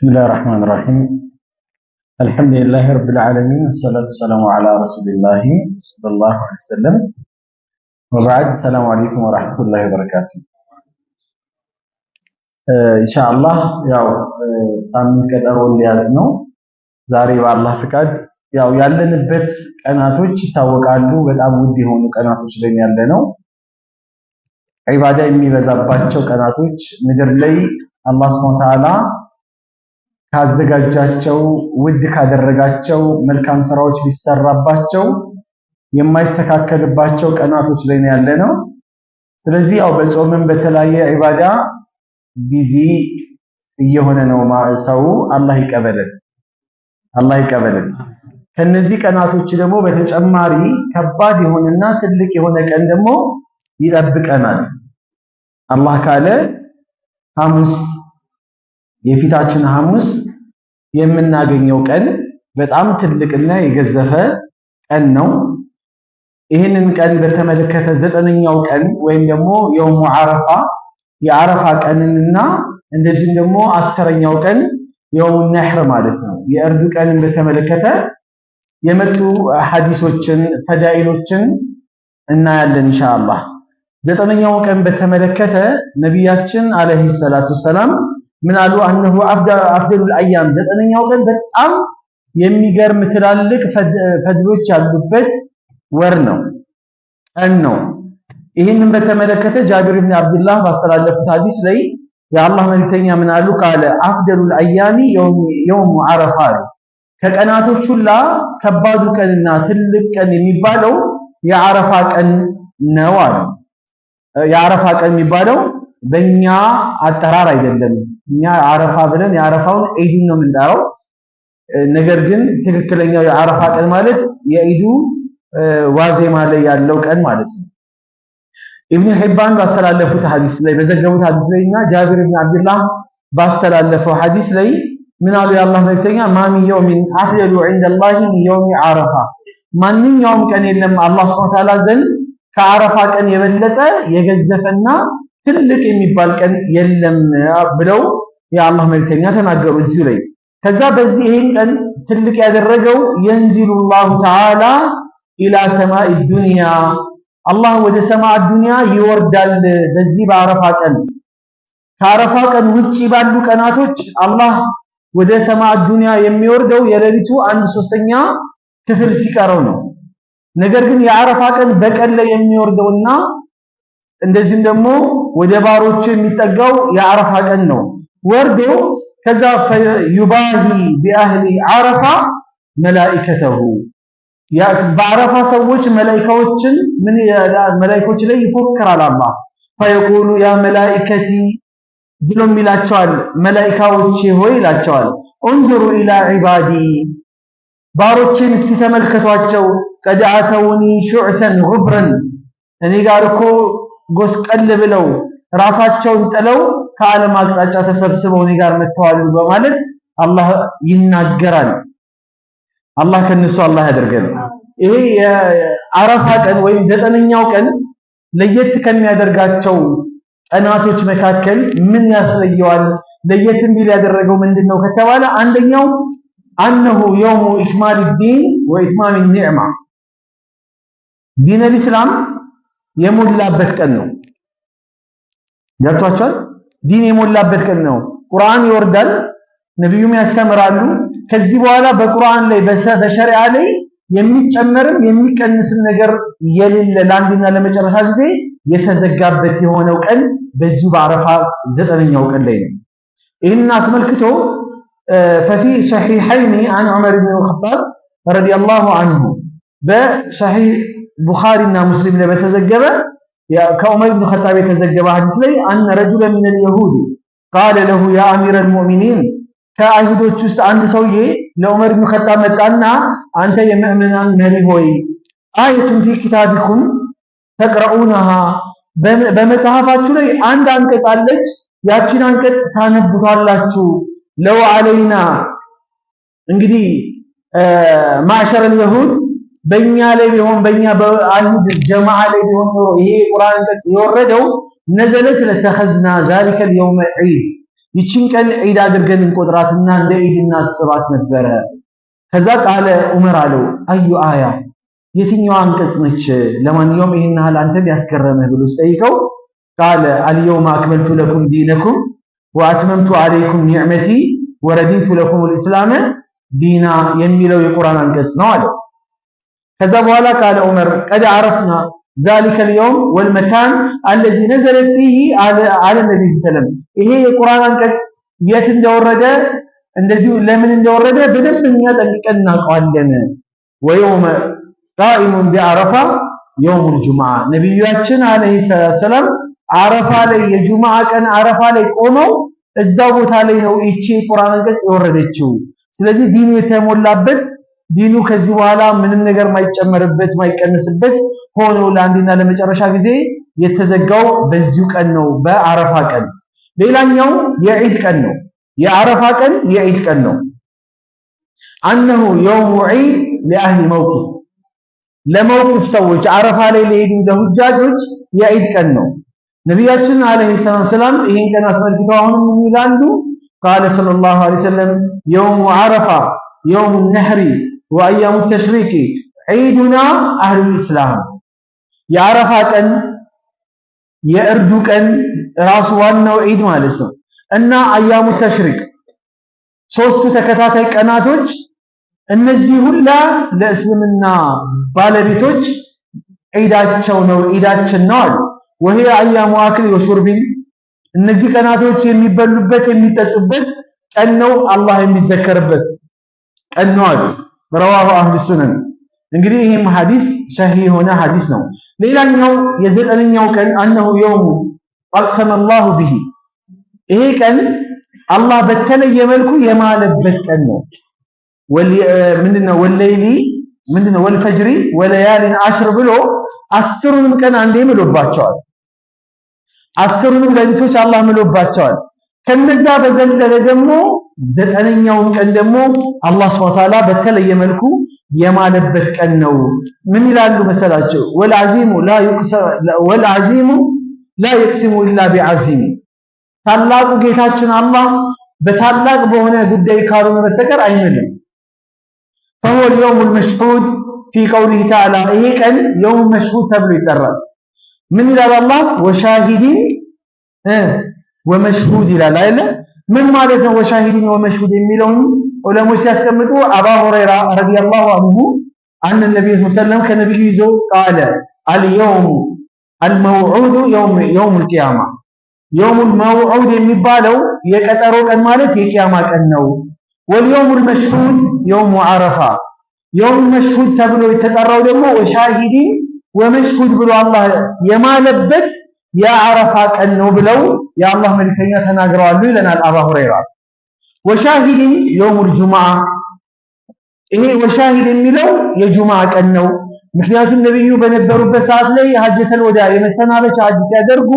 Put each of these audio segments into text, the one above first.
بسم الله الرحمن الرحيم الحمد لله رب العالمين والصلاة والسلام على رسول الله صلى الله عليه وسلم وبعد السلام عليكم ورحمة الله وبركاته ኢንሻአላህ ያው ሳምንት ቀጠሮ ሊያዝ ነው። ዛሬ በአላህ ፍቃድ ያው ያለንበት ቀናቶች ይታወቃሉ። በጣም ውድ የሆኑ ቀናቶች ላይ ያለ ነው። ዒባዳ የሚበዛባቸው ቀናቶች ምድር ላይ አላህ Subhanahu Ta'ala ካዘጋጃቸው ውድ ካደረጋቸው መልካም ስራዎች ቢሰራባቸው የማይስተካከልባቸው ቀናቶች ላይ ነው ያለ ነው። ስለዚህ ያው በጾምም በተለያየ ዒባዳ ቢዚ እየሆነ ነው ሰው። አላህ ይቀበልን፣ አላህ ይቀበልን። ከነዚህ ቀናቶች ደግሞ በተጨማሪ ከባድ የሆነና ትልቅ የሆነ ቀን ደግሞ ይጠብቀናል። አላህ ካለ ሐሙስ የፊታችን ሐሙስ የምናገኘው ቀን በጣም ትልቅና የገዘፈ ቀን ነው። ይህንን ቀን በተመለከተ ዘጠነኛው ቀን ወይም ደግሞ የውሙ ዓረፋ የዓረፋ ቀንንና እንደዚህም ደግሞ አስረኛው ቀን የውሙ ነሕር ማለት ነው የእርዱ ቀንን በተመለከተ የመጡ ሐዲሶችን ፈዳኢሎችን እናያለን ኢንሻአላህ። ዘጠነኛው ቀን በተመለከተ ነቢያችን አለይሂ ሰላቱ ሰላም ምን አሉ አነሁ አፍደሉል አያም ዘጠነኛው ቀን በጣም የሚገርም ትላልቅ ፈድሎች ያሉበት ወር ነው ቀን ነው። ይህንን በተመለከተ ጃቢር ብን አብድላህ ባስተላለፉት ሐዲስ ላይ የአላህ መልክተኛ ምናሉ አሉ ቃለ አፍደሉል አያሚ የውሙ አረፋ አሉ። ከቀናቶች ሁላ ከባዱ ቀንና ትልቅ ቀን የሚባለው የአረፋ ቀን ነው አሉ። የአረፋ ቀን የሚባለው በእኛ አጠራር አይደለም። እኛ አረፋ ብለን የአረፋውን ዒድን ነው የምንጠራው። ነገር ግን ትክክለኛው የአረፋ ቀን ማለት የዒዱ ዋዜማ ላይ ያለው ቀን ማለት ነው። ኢብኑ ሒባን ባስተላለፉት ሐዲስ ላይ በዘገቡት ሐዲስ ላይ እና ጃቢር ኢብኑ አብዱላህ ባስተላለፈው ሐዲስ ላይ ምን አሉ? የአላህ መልክተኛ ማሚ የውሚን አፍደሉ ዒንደላሂ ሚን የውሚ አረፋ፣ ማንኛውም ቀን የለም አላህ ሱብሓነሁ ወተዓላ ዘንድ ከአረፋ ቀን የበለጠ የገዘፈና ትልልቅ የሚባል ቀን የለም ብለው የአላህ መልክተኛ ተናገሩ። እዚሁ ላይ ከዛ በዚህ ይሄን ቀን ትልቅ ያደረገው ينزل الله تعالى الى سماء الدنيا አላህ ወደ ሰማይ ዱንያ ይወርዳል። በዚህ በአረፋ ቀን ከአረፋ ቀን ውጪ ባሉ ቀናቶች አላህ ወደ ሰማ ዱንያ የሚወርደው የሌሊቱ አንድ ሶስተኛ ክፍል ሲቀረው ነው። ነገር ግን የአረፋ ቀን በቀን ላይ የሚወርደውና እንደዚህም ደግሞ ወደ ባሮቹ የሚጠጋው የአረፋ ቀን ነው። ወርዶ ከዛ ዩባሂ ቢአህሊ አረፋ መላኢከተሁ በአረፋ ሰዎች መላኢካዎችን ምን መላኢኮች ላይ ይፎክራል አላህ። ፈየቁሉ ያ መላኢከቲ ብሎም ይላቸዋል። መላኢካዎቼ ሆይ ይላቸዋል። ኡንዙሩ ኢላ ዒባዲ ባሮቼን እስቲ ተመልከቷቸው። ቀድ አተውኒ ሹዕሰን ጉብረን እኔ ጋር እኮ ጎስቀል ብለው ራሳቸውን ጥለው ከዓለም አቅጣጫ ተሰብስበው እኔ ጋር መተዋሉ በማለት አላህ ይናገራል። አላህ ከነሱ አላህ ያደርገን። ይሄ የአረፋ ቀን ወይም ዘጠነኛው ቀን ለየት ከሚያደርጋቸው ቀናቶች መካከል ምን ያስለየዋል? ለየት እንዲል ያደረገው ምንድነው ከተባለ አንደኛው አነሁ የውሙ ኢክማል ዲን ወኢትማም ኒዕማ ዲን አልኢስላም የሞላበት ቀን ነው። ገብቷቸዋል። ዲን የሞላበት ቀን ነው። ቁርአን ይወርዳል፣ ነቢዩም ያስተምራሉ። ከዚህ በኋላ በቁርአን ላይ በሸሪዓ ላይ የሚጨመርም የሚቀንስም ነገር የሌለ ለአንድና ለመጨረሻ ጊዜ የተዘጋበት የሆነው ቀን በዚሁ በአረፋ ዘጠነኛው ቀን ላይ ነው። ይህንን አስመልክቶ ففي صحيحين عن عمر بن الخطاب رضي الله عنه ቡኻሪና ሙስሊም ላይ በተዘገበ ከዑመር ብን ኸጣብ የተዘገበ ሐዲስ ላይ አነ ረጁለ ሚነል የሁድ ቃለ ለሁ ያ አሚረል ሙእሚኒን ከአይሁዶች ውስጥ አንድ ሰውዬ ለዑመር ብን ኸጣብ መጣና አንተ የምእመናን መሪ ሆይ አየቱን ፊ ኪታቢኩም ተቅረኡናሃ በመጽሐፋችሁ ላይ አንድ አንቀጽ አለች ያቺን አንቀጽ ታነቡታላችሁ ለው አለይና እንግዲህ ማዕሸረል የሁድ በእኛ ላይ ቢሆን በእኛ በአይሁድ ጀማዓ ላይ ቢሆን ኖሮ ይሄ ቁርአን አንቀጽ የወረደው ነዘለት ለተኸዝና ዛሊከ የውመ ዒድ ይችን ቀን ዒድ አድርገን እንቆጥራትና እንደ ዒድ እናስባት ነበረ። ከዛ ቃለ ዑመር አለው አዩ አያ የትኛዋ አንቀጽ ነች? ለማንኛውም ይህን ያህል አንተን ያስገረመህ ብሎ ስጠይቀው ቃለ አልየውመ አክመልቱ ለኩም ዲነኩም ወአትመምቱ አለይኩም ኒዕመቲ ወረዲቱ ለኩም ልእስላመ ዲና የሚለው የቁርአን አንቀጽ ነው አለው። ከዛ በኋላ ቃለ ዑመር ቀድ አረፍና ዛሊከ ልየውም ወልመካን አለዚ ነዘለት ፊህ አለ ነቢ ሰለም ይሄ የቁርአን አንቀጽ የት እንደወረደ እንደዚሁ ለምን እንደወረደ በደንብ እኛ ጠንቅቀን እናውቀዋለን። ወየውመ ቃኢሙን ቢአረፋ የውሙል ጁምዓ ነቢያችን አለይሂ ሰላም አረፋ ላይ የጁምዓ ቀን አረፋ ላይ ቆመው እዛው ቦታ ላይ ነው ይቺ የቁርአን አንቀጽ የወረደችው። ስለዚህ ዲኑ የተሞላበት ዲኑ ከዚህ በኋላ ምንም ነገር ማይጨመርበት ማይቀንስበት ሆኖ ለአንድና ለመጨረሻ ጊዜ የተዘጋው በዚሁ ቀን ነው፣ በአረፋ ቀን። ሌላኛው የዒድ ቀን ነው። የአረፋ ቀን የዒድ ቀን ነው። አነሁ የውሙ ዒድ ለአህሊ መውቂፍ፣ ለመውቂፍ ሰዎች አረፋ ላይ ለሄዱ ለሁጃጆች የዒድ ቀን ነው። ነቢያችን አለይሂ ሰላም ይህን ቀን አስመልክተው አሁንም የሚላሉ ቃለ ሰለላሁ ዐለይሂ ወሰለም የውሙ አረፋ የውሙ ነህሪ ወአያሙ ተሽሪቂ ዒዱና አህሉል ኢስላም የአረፋ ቀን የእርዱ ቀን ራሱ ዋናው ዒድ ማለት ነው እና አያሙ ተሽሪቅ ሶስቱ ተከታታይ ቀናቶች እነዚህ ሁላ ለእስልምና ባለቤቶች ዒዳቸው ነው፣ ዒዳችን ነው አሉ። ወሄ አያሙ አክል ወሹርቢን እነዚህ ቀናቶች የሚበሉበት የሚጠጡበት ቀን ነው፣ አላህ የሚዘከርበት ቀን ነው አሉ። ረዋሁ አህሉ ሱነን። እንግዲህ ይህም ሐዲስ ሸሂህ የሆነ ሐዲስ ነው። ሌላኛው የዘጠነኛው ቀን አነሁ የውሙ አቅሰመ አላሁ ብሂ፣ ይሄ ቀን አላህ በተለየ መልኩ የማለበት ቀን ነው። ምንድነው ወለይሊ ምንድነው ወልፈጅሪ ወለያሊን አሽር ብሎ አስሩንም ቀን አንዴ ምሎባቸዋል። አስሩንም ሌሊቶች አላህ ምሎባቸዋል። ከነዛ በዘለለ ደግሞ ዘጠነኛውን ቀን ደግሞ አላህ ሱብሓነሁ ወተዓላ በተለየ መልኩ የማለበት ቀን ነው። ምን ይላሉ መሰላቸው? ወልዓዚሙ ላ የቅሲሙ ኢላ ቢዓዚም፣ ታላቁ ጌታችን አላህ በታላቅ በሆነ ጉዳይ ካልሆነ በስተቀር አይምልም። ፈሁወል የውሙል መሽሁድ ፊ ቀውሊሂ ተዓላ፣ ይሄ ቀን የውም መሽሁድ ተብሎ ይጠራል። ምን ይላል አላህ? ወሻሂዲን ወመሽሁድ ይላል አይደለ ምን ማለት ነው? ወሻሂድን ወመሽሁድ የሚለውን ዑለሞች ሲያስቀምጡ አባ ሁረይራ ረዲየላሁ አንሁ አን ነብዩ ሰለም ከነብዩ ይዞ ቃለ አልየውሙ አልመውዑድ የውሙል ቂያማ የውሙል መውዑድ የሚባለው የቀጠሮ ቀን ማለት የቂያማ ቀን ነው። ወልየውሙል መሽሁድ የውሙ ዓረፋ የውሙል መሽሁድ ተብሎ የተጠራው ደግሞ ወሻሂዲን ወመሽሁድ ብሎ አላህ የማለበት የአረፋ ቀን ነው ብለው የአላህ መልክተኛ ተናግረዋሉ ይለናል አባ ሁረይራ። ወሻሂድን የውሙል ጁምዓ ይሄ ወሻሂድ የሚለው የጁምዓ ቀን ነው። ምክንያቱም ነቢዩ በነበሩበት ሰዓት ላይ ሀጀተል ወዳ የመሰናበቻ ሀጅ ሲያደርጉ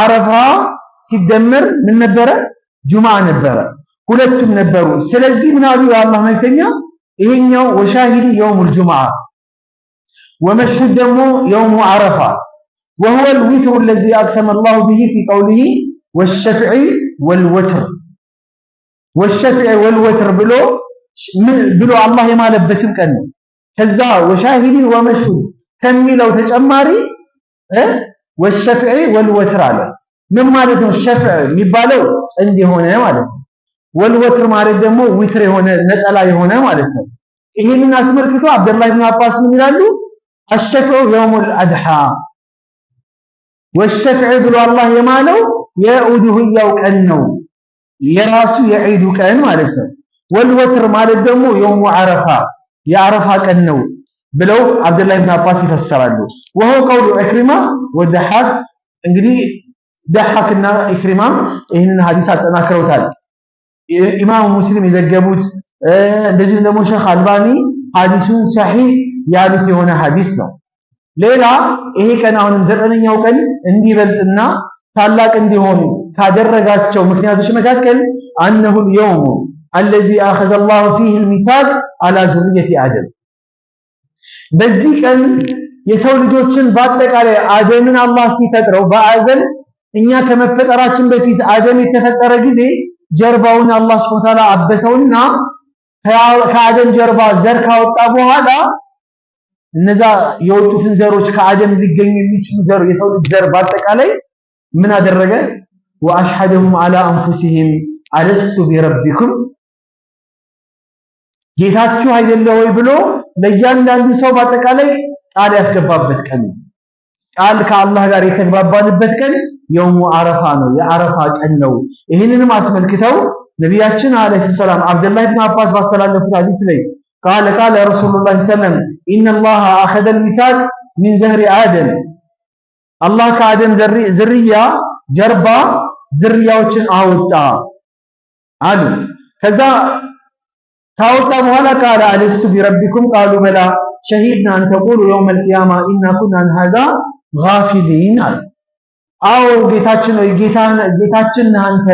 አረፋ ሲደመር ምን ነበረ? ጁምዓ ነበረ። ሁለቱም ነበሩ። ስለዚህ ምን አሉ የአላህ መልክተኛ ይሄኛው ወሻሂድ የውሙል ጁምዓ ወመሽሁድ ደግሞ የውሙ አረፋ ወሁወል ዊትሩ ለዚ አቅሰመ አላሁ ብሂ ፊ ቀውሊሂ ወሸፍዒ ወልወትር ወሸፍዒ ወልወትር ብሎ ብሎ አላህ የማለበትም ቀን ነው። ከዛ ወሻሂዲን ወመሽሁድ ከሚለው ተጨማሪ ወሸፍዒ ወልወትር አለ። ምን ማለት ነው? ሸፍዕ የሚባለው ጥንድ የሆነ ማለት ነው። ወልወትር ማለት ደግሞ ዊትር የሆነ ነጠላ የሆነ ማለት ነው። ይህንን አስመልክቶ አብደላህ ብን አባስ ምን ይላሉ? አሸፍዑ የውሙል አድሓ ወሸፍዕ ብሎ አላህ የማለው የኡድሁያው ቀን ነው፣ የራሱ የዒዱ ቀን ማለት ነው። ወልወትር ማለት ደግሞ የውሙ ዓረፋ የአረፋ ቀን ነው ብለው አብዱላህ ብን አባስ ይፈሰራሉ። ወሆ ቀውሉ ኢክሪማ ወደሓክ። እንግዲህ ደሓክና ኢክሪማም ይህንን ሀዲስ አጠናክረውታል። ኢማሙ ሙስሊም የዘገቡት እንደዚሁም ደግሞ ሼክ አልባኒ ሀዲሱን ሰሒህ ያሉት የሆነ ሀዲስ ነው። ሌላ ይሄ ቀን አሁንም ዘጠነኛው ቀን እንዲበልጥና ታላቅ እንዲሆን ካደረጋቸው ምክንያቶች መካከል አነሁ የውሙ አለዚ አኸዘ ላሁ ፊህ ልሚሳቅ አላ ዙርየት አደም በዚህ ቀን የሰው ልጆችን በአጠቃላይ አደምን አላህ ሲፈጥረው በአዘን እኛ ከመፈጠራችን በፊት አደም የተፈጠረ ጊዜ ጀርባውን አላህ ስብሐ ወተዓላ አበሰውና ከአደም ጀርባ ዘር ካወጣ በኋላ እነዛ የወጡትን ዘሮች ከአደም ሊገኙ የሚችሉ ዘር የሰው ልጅ ዘር በአጠቃላይ ምን አደረገ? ወአሽሐደሁም አላ አንፉሲሂም አለስቱ ቢረቢኩም ጌታችሁ አይደለ ወይ ብሎ ለእያንዳንዱ ሰው በአጠቃላይ ቃል ያስገባበት ቀን ቃል ከአላህ ጋር የተግባባንበት ቀን የውሙ አረፋ ነው፣ የአረፋ ቀን ነው። ይህንንም አስመልክተው ነቢያችን አለይሂ ሰላም አብደላህ ብን አባስ ባስተላለፉት ሐዲስ ላይ ቃለ ቃለ ረሱሉላህ ሰለም ኢነላሃ አኸደል ሚሳቅ ሚን ዘህሪ አደም አላህ ከአደም ዝርያ ጀርባ ዝርያዎችን አወጣ አሉ። ከዛ ካወጣ በኋላ ቃለ አለስቱ ቢረቢኩም ቃሉ በላ ሸሂድና አንተቁሉ የውመል ቂያማ ኢና ኩና አን ሃዛ ጋፊሊን አሉ። አዎ ጌታችን ጌታችን አንተ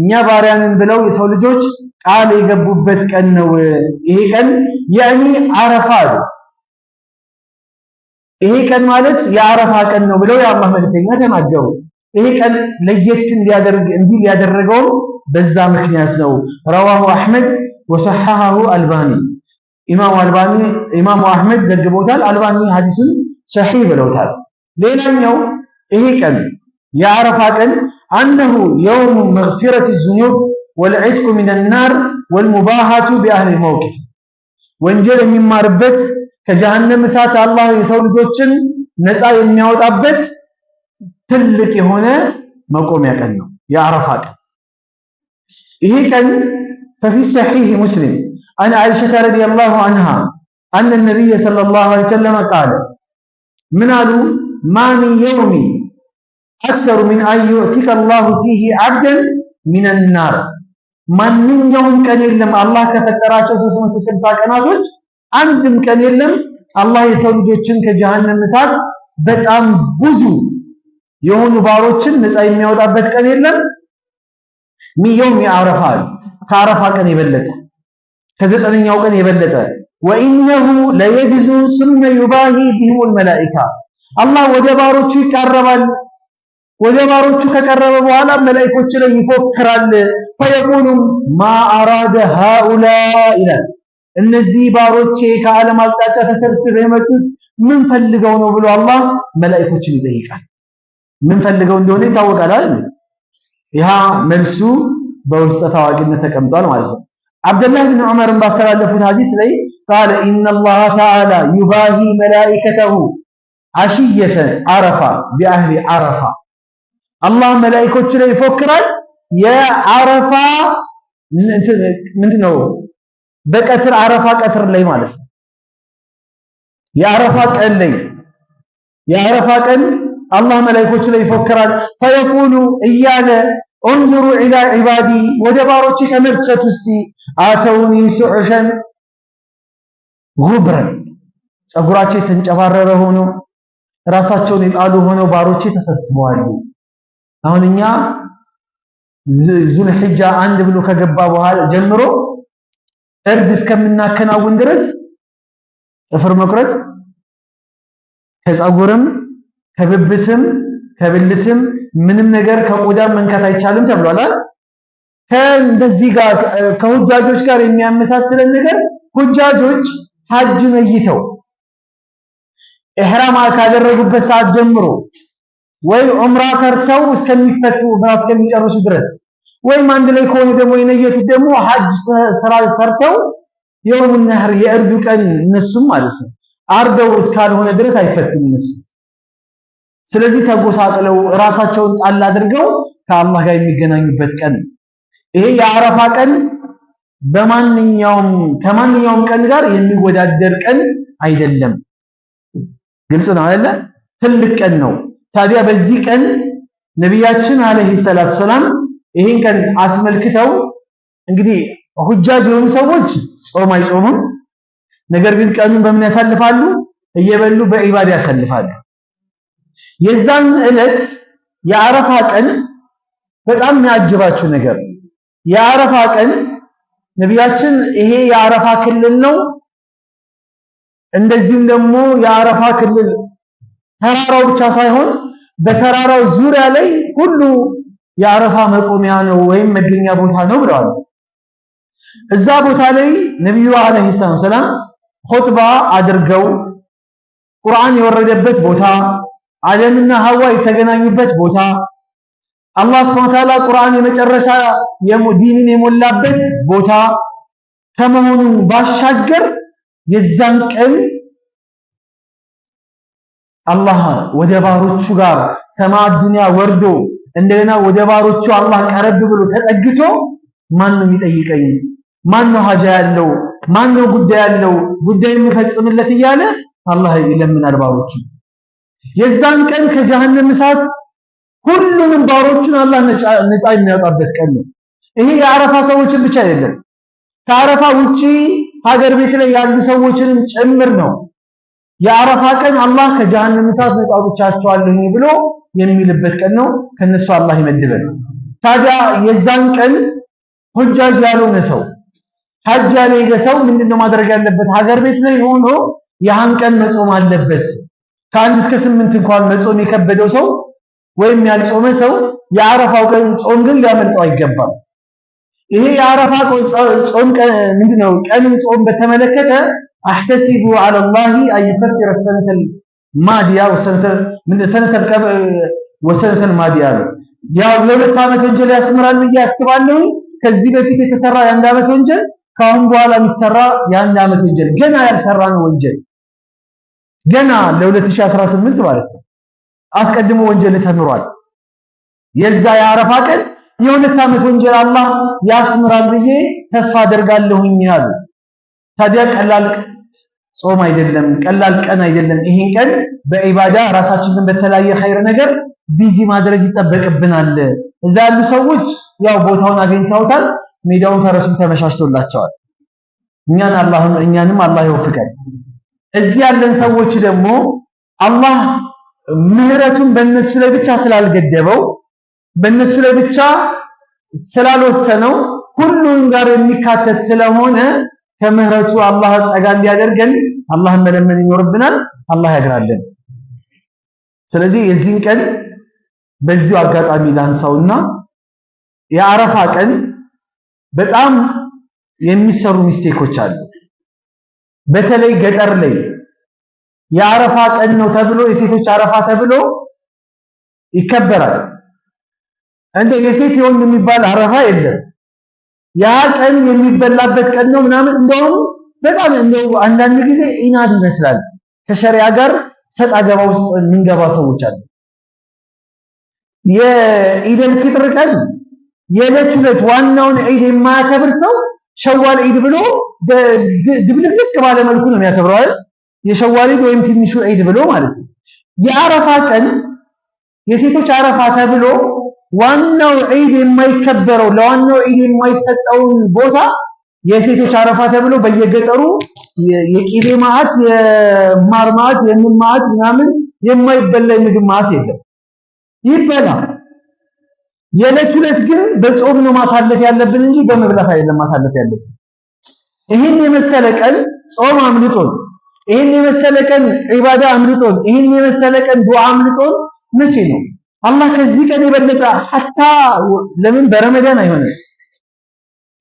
እኛ ባሪያንን ብለው የሰው ልጆች ቃል የገቡበት ቀን ነው። ይሄ ቀን ያኒ አረፋ አሉ። ይሄ ቀን ማለት የአረፋ ቀን ነው ብለው የአላህ መልእክተኛ ተናገሩ። ይሄ ቀን ለየት እንዲያደርግ እንዲል ያደረገውም በዛ ምክንያት ነው። ረዋሁ አህመድ ወሰሐሐሁ አልባኒ ኢማሙ አልባኒ ኢማሙ አህመድ ዘግቦታል። አልባኒ ሐዲሱን ሰሂህ ብለውታል። ሌላኛው ይሄ ቀን የአረፋ ቀን أنه يوم مغفرة الذنوب والعتق من النار والمباهاة بأهل الموقف وانجل ربت كجهنم ከጀሃነም الله አላህ የሰው ልጆችን ነፃ أبت تلك هنا مقوم يا كنو يا عرفات إيه كان ففي صحيح مسلم عن عائشة رضي الله عنها أن النبي صلى الله عليه وسلم قال من قالوا ما من يوم አክሰሩ ሚን አዩዕቲከ አላሁ ፊሂ አብደን ሚነናር። ማንኛውም ቀን የለም አላህ ከፈጠራቸው 360 ቀናቶች አንድም ቀን የለም አላህ የሰው ልጆችን ከጀሃነም እሳት በጣም ብዙ የሆኑ ባሮችን ነፃ የሚያወጣበት ቀን የለም። ሚየውም አረፋ ከአረፋ ቀን የበለጠ ከዘጠነኛው ቀን የበለጠ ወኢነሁ ለየጅዙ ሱመ ዩባሂ ቢሂሙል መላኢካ አላህ ወደ ባሮቹ ይቃረባል። ወደ ባሮቹ ከቀረበ በኋላ መላእክቶች ላይ ይፎክራል። ፈየቁሉ ማ አራደ ሃኡላ ይላል። እነዚህ ባሮቼ ከዓለም አቅጣጫ ተሰብስበው የመጡት ምን ፈልገው ነው ብሎ አላህ መላእክቶችን ይጠይቃል። ምን ፈልገው እንደሆነ ይታወቃል አይደል? ይሃ መልሱ በውስጠ ታዋቂነት ተቀምጧል ማለት ነው። አብደላህ ብን ዑመርን ባስተላለፉት ሐዲስ ላይ ቃለ ኢነ ተዓላ ዩባሂ መላኢከተሁ አሽየተ አረፋ ቢአህሊ አረፋ አላህ መላእክቶች ላይ ይፎክራል። የአረፋ ምንድን ነው? በቀትር አረፋ ቀትር ላይ ማለት ነው። የአረፋ ቀን ላይ የአረፋ ቀን አላህ መላእክቶች ላይ ይፎክራል። ፈየቁሉ እያለ እንዙሩ ኢላ ዒባዲ ወደ ባሮች ተመልከቱ እስቲ አተውኒ ሱዑሸን ጉብረን ፀጉራቸው የተንጨባረረ ሆኖ ራሳቸውን የጣሉ ሆነው ባሮቼ ተሰብስበዋል። አሁን እኛ ዙል ሒጃ አንድ ብሎ ከገባ በኋላ ጀምሮ እርድ እስከምናከናውን ድረስ ጥፍር መቁረጥ ከፀጉርም ከብብትም ከብልትም ምንም ነገር ከቆዳም መንካት አይቻልም ተብሏል። ከእንደዚህ ጋር ከሁጃጆች ጋር የሚያመሳስለን ነገር ሁጃጆች ሐጅ ነይተው ኢህራም ካደረጉበት ሰዓት ጀምሮ ወይ ዑምራ ሰርተው እስከሚፈቱ እስከሚጨርሱ ድረስ ወይም አንድ ላይ ከሆነ ደግሞ የነየቱት ደግሞ ሐጅ ስራ ሰርተው የውም ነህር የእርዱ ቀን እነሱም ማለት ነው አርደው እስካልሆነ ድረስ አይፈቱም እነሱ። ስለዚህ ተጎሳቅለው ራሳቸውን ጣል አድርገው ከአላህ ጋር የሚገናኙበት ቀን ይሄ የአረፋ ቀን በማንኛውም ከማንኛውም ቀን ጋር የሚወዳደር ቀን አይደለም። ግልጽ ነው አይደለ? ትልቅ ቀን ነው። ታዲያ በዚህ ቀን ነቢያችን አለይሂ ሰላቱ ሰላም ይህን ቀን አስመልክተው እንግዲህ ሁጃጅ የሆኑ ሰዎች ጾም አይጾሙም። ነገር ግን ቀኑን በምን ያሳልፋሉ? እየበሉ በዒባዳ ያሳልፋሉ። የዛን ዕለት የአረፋ ቀን በጣም የሚያጅባችሁ ነገር የአረፋ ቀን ነቢያችን ይሄ የአረፋ ክልል ነው፣ እንደዚሁም ደግሞ የአረፋ ክልል ተራራው ብቻ ሳይሆን በተራራው ዙሪያ ላይ ሁሉ የአረፋ መቆሚያ ነው ወይም መገኛ ቦታ ነው ብለዋል። እዛ ቦታ ላይ ነቢዩ አለይሂ ሰላም ኹጥባ አድርገው ቁርአን የወረደበት ቦታ፣ አደምና ሐዋ የተገናኙበት ቦታ፣ አላህ ሱብሓነሁ ወተዓላ ቁርአን የመጨረሻ ዲንን የሞላበት ቦታ ከመሆኑ ባሻገር የዛን ቀን አላህ ወደ ባሮቹ ጋር ሰማዕ ዱንያ ወርዶ እንደገና ወደ ባሮቹ አላህ ቀረብ ብሎ ተጠግቶ ማን ነው የሚጠይቀኝ? ማን ነው ሀጃ ያለው? ማን ነው ጉዳይ ያለው? ጉዳይ የሚፈጽምለት እያለ አላህ ይለምናል ባሮቹ። የዛን ቀን ከጀሃነም እሳት ሁሉንም ባሮቹን አላህ ነፃ የሚያወጣበት ቀን ነው። ይሄ የአረፋ ሰዎችን ብቻ አይደለም፣ ከአረፋ ውጪ ሀገር ቤት ላይ ያሉ ሰዎችንም ጭምር ነው። የአረፋ ቀን አላህ ከጀሃነም እሳት ነፃ አውጥቻቸዋለሁ ብሎ የሚልበት ቀን ነው። ከነሱ አላህ ይመድበን። ታዲያ የዛን ቀን ሁጃጅ ያልሆነ ሰው ሐጅ ያልሄደ ሰው ምንድነው ማድረግ ያለበት? ሀገር ቤት ላይ ሆኖ ያን ቀን መጾም አለበት። ከአንድ እስከ ስምንት እንኳን መጾም የከበደው ሰው ወይም ያልጾመ ሰው የአረፋው ቀን ጾም ግን ሊያመልጠው አይገባም። ይሄ የአረፋ ጾም ምንድነው? ቀንን ጾም በተመለከተ አህተሲቡ አለላሂ አዩከፊረ ሰነተል ማዲያ ወሰነተል ማዲያ ነው። ያው የሁለት ዓመት ወንጀል ያስምራል ብዬ አስባለሁ። ከዚህ በፊት የተሰራ የአንድ ዓመት ወንጀል ከአሁን በኋላ የሚሰራ የአንድ ዓመት ወንጀል ገና ያልሰራ ነው ወንጀል ገና ለ2018 ማለት ነው። አስቀድሞ ወንጀል ተምሯል። የዛ የአረፋ ቀን የሁለት ዓመት ወንጀል አላህ ያስምራል ብዬ ተስፋ አደርጋለሁኝ አሉ። ታዲያ ቀላል ጾም አይደለም፣ ቀላል ቀን አይደለም። ይሄን ቀን በኢባዳ ራሳችንን በተለያየ ኸይር ነገር ቢዚ ማድረግ ይጠበቅብናል። እዛ ያሉ ሰዎች ያው ቦታውን አግኝተውታል፣ ሜዳውን ፈረሱም ተመሻሽቶላቸዋል። እኛን አላህም እኛንም አላህ ይወፍቀን። እዚህ ያለን ሰዎች ደግሞ አላህ ምህረቱን በእነሱ ላይ ብቻ ስላልገደበው በእነሱ ላይ ብቻ ስላልወሰነው ሁሉን ጋር የሚካተት ስለሆነ ከምህረቱ አላህ ጠጋ እንዲያደርገን አላህን መለመን ይኖርብናል። አላህ ያግራለን። ስለዚህ የዚህን ቀን በዚሁ አጋጣሚ ላንሳውና የአረፋ ቀን በጣም የሚሰሩ ሚስቴኮች አሉ። በተለይ ገጠር ላይ የአረፋ ቀን ነው ተብሎ የሴቶች አረፋ ተብሎ ይከበራል። እንደ የሴት የወንድ የሚባል አረፋ የለም። ያ ቀን የሚበላበት ቀን ነው ምናምን እንደውም በጣም እንደው አንዳንድ ጊዜ ኢናድ ይመስላል። ከሸሪያ ጋር ሰጥ አገባ ውስጥ የምንገባ ሰዎች አሉ። የኢደል ፊጥር ቀን የዕለት ዕለት ዋናውን ዒድ የማያከብር ሰው ሸዋል ዒድ ብሎ ድብልቅልቅ ባለ መልኩ ነው የሚያከብረው አይደል? የሸዋል ዒድ ወይም ትንሹ ዒድ ብሎ ማለት ነው። የአረፋ ቀን የሴቶች አረፋ ተብሎ ዋናው ዒድ የማይከበረው ለዋናው ዒድ የማይሰጠውን ቦታ የሴቶች አረፋ ተብሎ በየገጠሩ የቂቤ ማዕት፣ የማር ማዕት፣ የምን ማዕት ምናምን የማይበላ ምግብ ማዕት የለም፣ ይበላ የዕለት ዕለት ግን በጾም ነው ማሳለፍ ያለብን እንጂ በመብላት አይደለም ማሳለፍ ያለብን። ይህን የመሰለ ቀን ጾም አምልጦን፣ ይህን የመሰለ ቀን ዒባዳ አምልጦን፣ ይህን የመሰለ ቀን ዱዓ አምልጦን መቼ ነው አላህ ከዚህ ቀን የበለጠ ሐታ ለምን በረመዳን አይሆንም?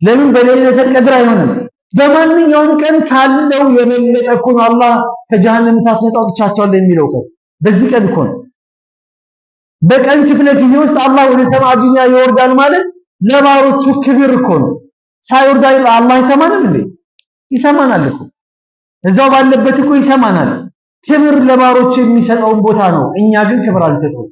ለምን በሌሊተል ቀድር አይሆንም? በማንኛውም ቀን ካለው የበለጠ እኮ ነው አላህ ከጀሃነም እሳት ነፃ አውጥቻቸዋለሁ የሚለው ቀን በዚህ ቀን እኮ ነው። በቀን ክፍለ ጊዜ ውስጥ አላህ ወደ ሰማይ ዱንያ ይወርዳል ማለት ለባሮቹ ክብር እኮ ነው። ሳይወርዳ አላህ ይሰማንም እንዴ? ይሰማናል እኮ እዛው ባለበት እኮ ይሰማናል። ክብር ለባሮቹ የሚሰጠውን ቦታ ነው። እኛ ግን ክብር አንሰጠው